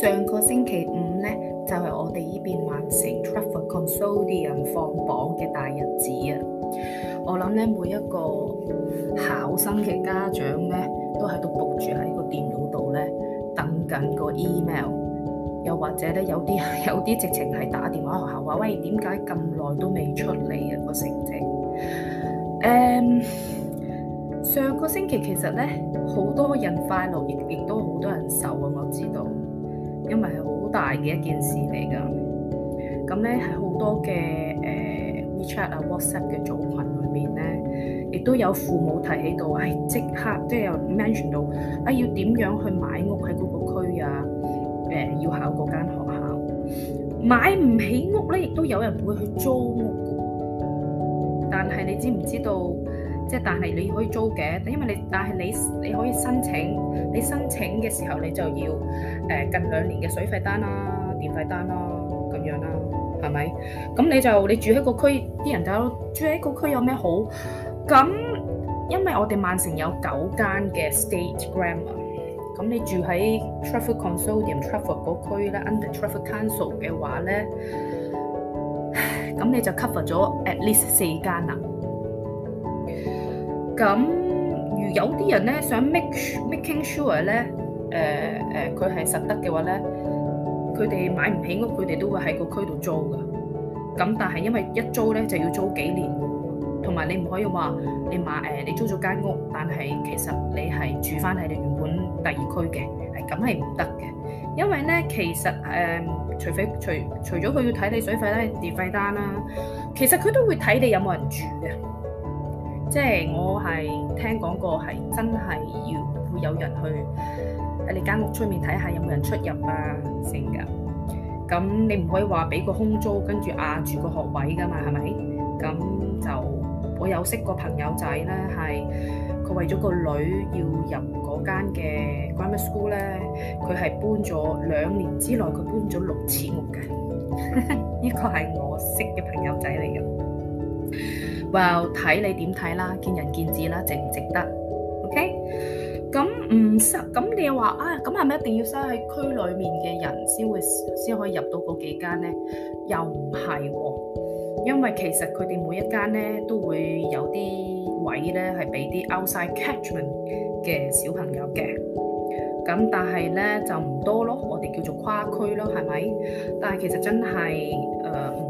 上個星期五咧，就係、是、我哋呢邊完成 Traffic Console 放榜嘅大日子啊！我諗咧，每一個考生嘅家長咧，都喺度伏住喺個電腦度咧，等緊個 email，又或者咧，有啲有啲直情係打電話學校話：喂，點解咁耐都未出嚟啊個成績？誒、um,，上個星期其實咧，好多人快樂，亦亦都好多人愁。啊！我知道。因為係好大嘅一件事嚟噶，咁咧係好多嘅誒、呃、WeChat 啊 WhatsApp 嘅組群裏面咧，亦都有父母提起到，係、哎、即刻即係又 mention 到啊、哎，要點樣去買屋喺嗰個區啊？誒、呃，要考嗰間學校，買唔起屋咧，亦都有人會去租屋，但係你知唔知道？即係，但係你可以租嘅，因為你但係你你可以申請，你申請嘅時候你就要誒近兩年嘅水費單啦、電費單啦咁樣啦，係咪？咁你就你住喺個區，啲人就住喺個區有咩好？咁因為我哋曼城有九間嘅 state grammar，咁你住喺 Trafford consortium、Trafford 嗰區咧，under Trafford council 嘅話咧，咁你就 cover 咗 at least 四間啦。咁、嗯，如有啲人咧想 make making sure 咧，誒、呃、誒，佢、呃、係實得嘅話咧，佢哋買唔起屋，佢哋都會喺個區度租㗎。咁、嗯、但係因為一租咧就要租幾年，同埋你唔可以話你買誒、呃，你租咗間屋，但係其實你係住翻喺你原本第二區嘅，係咁係唔得嘅。因為咧，其實誒、呃，除非除除咗佢要睇你水費啦、電費單啦，其實佢都會睇你有冇人住嘅。即係我係聽講過係真係要會有人去喺你間屋出面睇下有冇人出入啊，成噶，咁你唔可以話俾個空租跟住壓住個學位噶嘛係咪？咁就我有識個朋友仔咧，係佢為咗個女要入嗰間嘅 grammar school 咧，佢係搬咗兩年之內，佢搬咗六次屋嘅，呢個係我識嘅朋友仔嚟嘅。哇！睇、well, 你點睇啦，見仁見智啦，值唔值得？OK？咁唔收咁你又你話啊？咁係咪一定要收喺區裏面嘅人先會先可以入到嗰幾間呢？又唔係喎，因為其實佢哋每一間呢，都會有啲位呢，係俾啲 outside catchment 嘅小朋友嘅，咁但係呢，就唔多咯。我哋叫做跨區咯，係咪？但係其實真係誒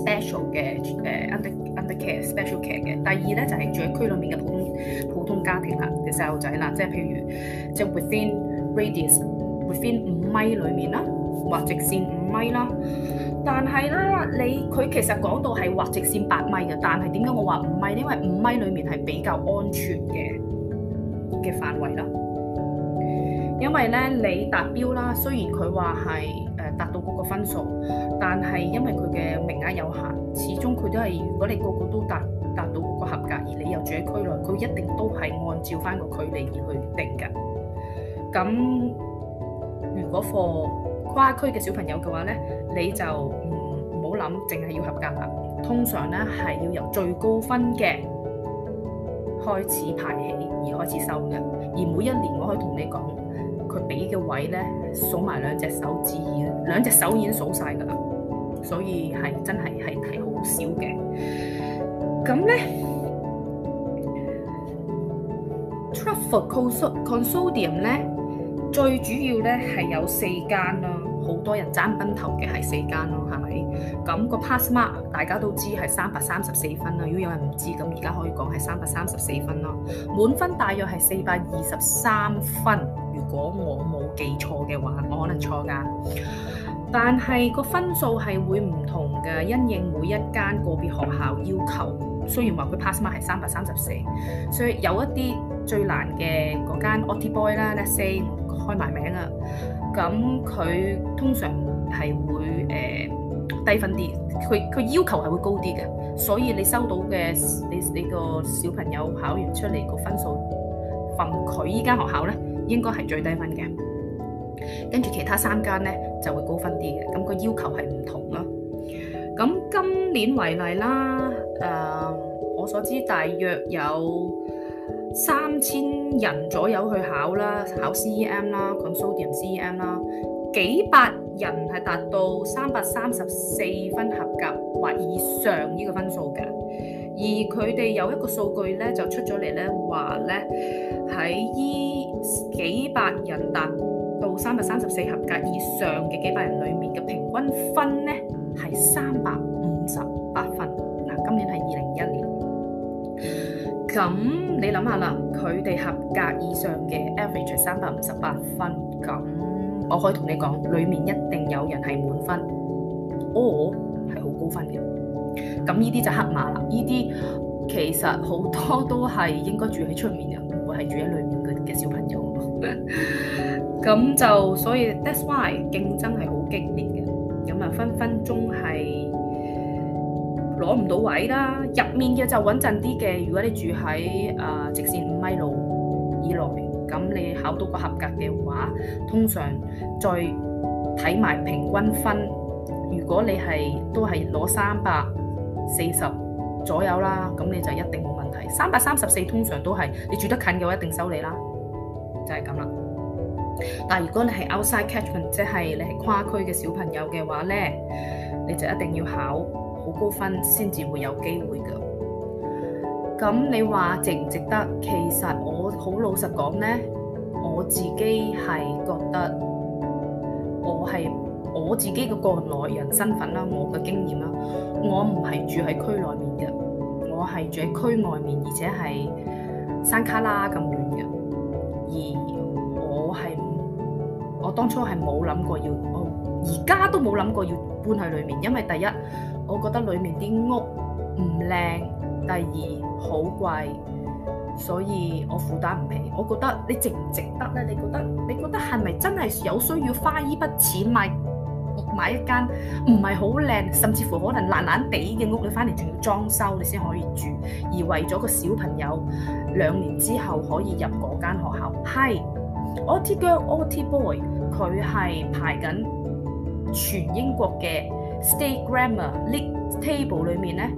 special 嘅誒、uh, under under care special care 嘅，第二咧就係住喺區裏面嘅普通普通家庭啦嘅細路仔啦，即係譬如即係 within radius within 五米裏面啦，或直線五米啦。但係咧你佢其實講到係畫直線八米嘅，但係點解我話五米？因為五米裏面係比較安全嘅嘅範圍啦。因為咧你達標啦，雖然佢話係誒達到嗰個分數，但係因為佢嘅名額有限，始終佢都係，如果你個個都達達到嗰個合格，而你又住喺區內，佢一定都係按照翻個距離而去定噶。咁如果課跨區嘅小朋友嘅話咧，你就唔好諗，淨、嗯、係要合格啦。通常咧係要由最高分嘅開始排起而開始收嘅，而每一年我可以同你講。佢俾嘅位咧，數埋兩隻手指，兩隻手已經數晒㗎啦，所以係真係係係好少嘅。咁咧 ，truffle Consortium Cons 咧，最主要咧係有四間咯，好多人爭崩頭嘅係四間咯，係咪？咁個 pass mark 大家都知係三百三十四分啦。如果有人唔知，咁而家可以講係三百三十四分啦。滿分大約係四百二十三分。如果我冇記錯嘅話，我可能錯㗎。但係個分數係會唔同嘅，因應每一間個別學校要求。雖然話佢 pass mark 係三百三十四，所以有一啲最難嘅嗰間 Odd Boy 啦，Let's say 開埋名啦。咁佢通常係會誒、呃、低分啲，佢佢要求係會高啲嘅，所以你收到嘅你你個小朋友考完出嚟個分數，逢佢依間學校呢。應該係最低分嘅，跟住其他三間呢就會高分啲嘅。咁個要求係唔同咯。咁今年為例啦，誒，我所知大約有三千人左右去考啦，考 C E M 啦，ConsortiumC E M 啦，幾百人係達到三百三十四分合格或以上呢個分數嘅。而佢哋有一個數據咧，就出咗嚟咧，話咧，喺依幾百人達到三百三十四合格以上嘅幾百人裡面嘅平均分咧，係三百五十八分。嗱，今年係二零一年。咁你諗下啦，佢哋合格以上嘅 average 三百五十八分，咁我可以同你講，裡面一定有人係滿分哦，or 係好高分嘅。.咁呢啲就黑馬啦，呢啲其實好多都係應該住喺出面嘅，唔會係住喺裏面嘅嘅小朋友。咁 就所以，that's why 競爭係好激烈嘅，咁啊分分鐘係攞唔到位啦。入面嘅就穩陣啲嘅，如果你住喺誒、呃、直線五米路以內，咁你考到個合格嘅話，通常再睇埋平均分。如果你係都係攞三百四十左右啦，咁你就一定冇問題。三百三十四通常都係你住得近嘅，我一定收你啦，就係咁啦。但如果你係 outside catchment，即係你係跨區嘅小朋友嘅話呢，你就一定要考好高分先至會有機會㗎。咁你話值唔值得？其實我好老實講呢，我自己係覺得我係。我自己嘅個人內人身份啦，我嘅經驗啦，我唔係住喺區內面嘅，我係住喺區外面，而且係山卡拉咁遠嘅。而我係我當初係冇諗過要，我而家都冇諗過要搬去裏面，因為第一我覺得裏面啲屋唔靚，第二好貴，所以我負擔唔起。我覺得你值唔值得呢？你覺得你覺得係咪真係有需要花呢筆錢買？買一間唔係好靚，甚至乎可能爛爛地嘅屋，你翻嚟仲要裝修，你先可以住。而為咗個小朋友兩年之後可以入嗰間學校，係 o、嗯、t Girl, t Girl、Otter Boy 佢係排緊全英國嘅 State Grammar League Table 裏面咧。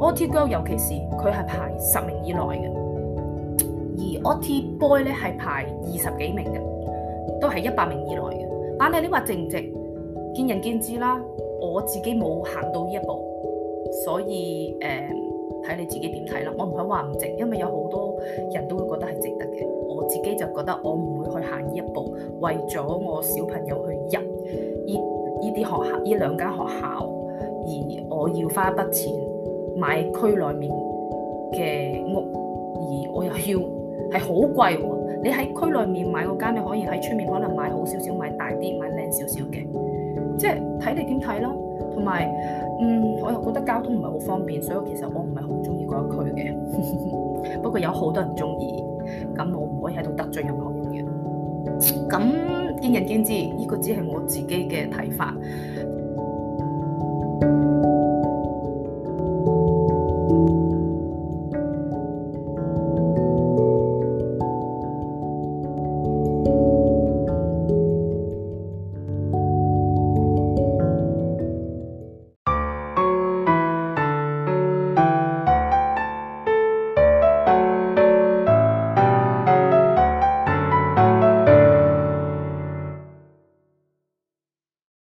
Otter Girl 尤其是佢係排十名以內嘅，而 Otter Boy 咧係排二十幾名嘅，都係一百名以內嘅。但係你話值唔值？見仁見智啦，我自己冇行到呢一步，所以誒睇、嗯、你自己點睇啦。我唔可以話唔值，因為有好多人都會覺得係值得嘅。我自己就覺得我唔會去行呢一步，為咗我小朋友去入呢呢啲學校，呢兩間學校，而我要花一筆錢買區內面嘅屋，而我又要係好貴喎。你喺區內面買嗰間，你可以喺出面可能買好少少，買大啲，買靚少少嘅。即係睇你點睇啦，同埋嗯，我又覺得交通唔係好方便，所以其實我唔係好中意嗰一區嘅。 不過有好多人中意，咁我唔可以喺度得罪任何人嘅。咁見仁見智，呢個只係我自己嘅睇法。